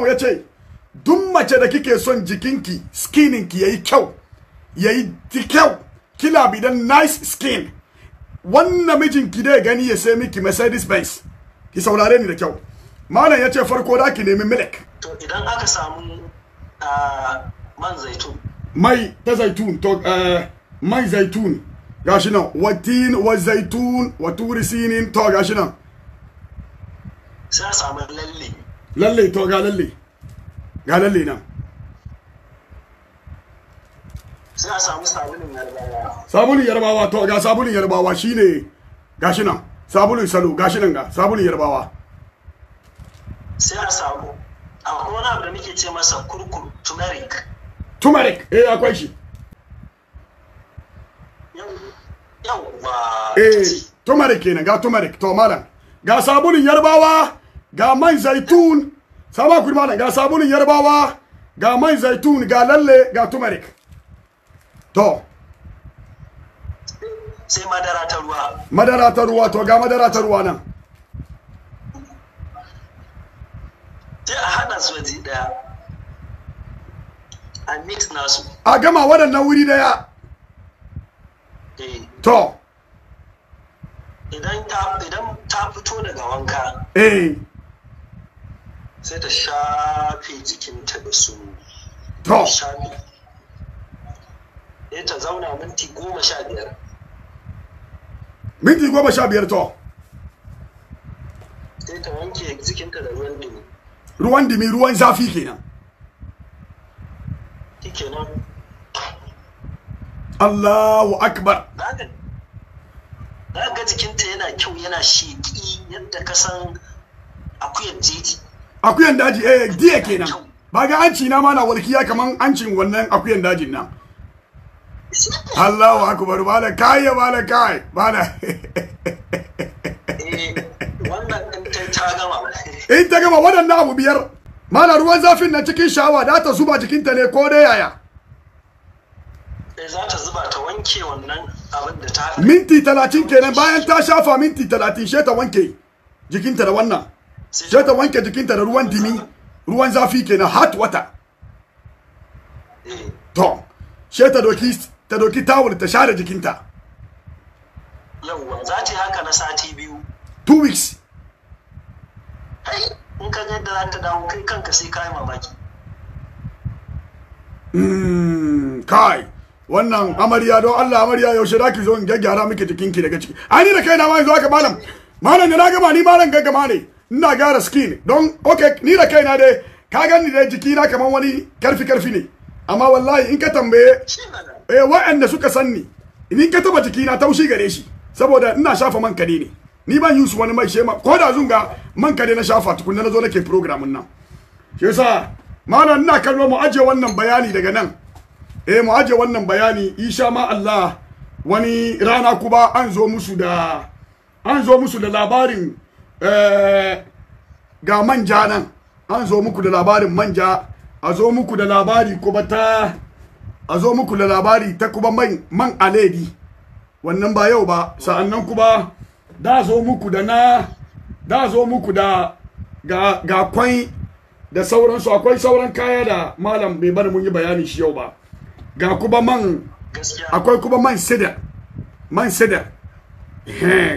sallam ya ce duk mace da kike son jikinki ki yayi kyau yayi kyau kila bi dan nice skin wannan mijinki dai gani ya sai miki Mercedes Benz ki saurare ni da kyau malam ya ce farko da ki nemi milk to idan aka samu ah, man zaitun mai ta zaitun to eh, mai zaitun gashi nan watin wa zaitun wa turisinin to gashi nan sai a samu lalle lalle to ga lalle ga lalle nan sabulin yarbawa to ga sabulin yarbawa shine gashi nan sabulin salo gashi nan ga sabulin yarbawa sai a samu akwai wani abu da nake ce masa kurkur turmeric turmeric eh akwai shi yawwa eh turmeric kenan ga turmeric to malam ga sabulin yarbawa ga mai zaitun sama ku malam ga sabulun yarbawa ga mai zaitun ga lalle ga turmeric to sai madara ta ruwa madara ta ruwa to ga madara ta ruwa nan sai a hada su waje daya a mix nasu a gama waɗannan wuri daya eh. to idan ta fito daga wanka eh sai ta shafe jikinta da su to ta zauna minti goma sha biyar minti goma sha biyar to sai ta wanke jikinta da ruwan dumi ruwan dumi ruwan zafi kenan kenan Allahu akbar ga jikinta yana kyau yana sheƙi yadda ka san akuyar jeji akuyan daji eh diya kenan ba ga anci na ma na walkiya kaman ancin wannan akuyan dajin nan Allahu akbar bala kai ya bala kai bala eh, in ta gama waɗannan abu biyar mana ruwan zafin na cikin shawa da ta zuba jikinta ne ko dai yaya eh, za ta zuba ta wanke wannan abin da ta minti talatin kenan bayan ta shafa minti talatin she ta wanke jikinta da wannan sai ta wanke jikinta da ruwan dimi ruwan zafi kenan hot water eh. to sai ta doki ta doki tawul ta share jikinta yawwa za ta haka na sati biyu two weeks in ka ga yadda za ta dawo kai kanka sai kai mamaki Mm, kai wannan amarya don Allah amarya yaushe za ki zo in gyaggyara miki jikinki daga ciki ai ni da kaina ma yanzu haka malam malam da na gama ni malam gaggama ne ina gara skin don okay ni da kaina dai ka gani da jiki na kaman wani karfi karfi ne amma wallahi in ka tambaye eh wa'anda suka sanni in ka taba jiki na taushi gare shi saboda ina shafa man kade ne ni ban yi wani mai shema ko da zunga man kade na shafa tukunna na zo nake program nan shi yasa mana ina kallo mu aje wannan bayani daga nan eh mu aje wannan bayani insha ma Allah wani rana kuba an musu da an zo musu da labarin Eh, ga manja nan an zo muku da labarin manja a zo muku da labari kuma ta a zo muku da labari ta kuma man man aledi wannan ba yau ba sa'annan kuma da zo muku da na da zo muku da ga ga kwai da sauransu akwai sauran kaya da malam bai bar mun yi bayani shi yau ba ga kuma man akwai kuma man sida, man sida.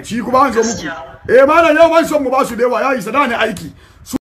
shi kuma an zo muku eh malam yau mai son mu ba su da yawa ya isa da aiki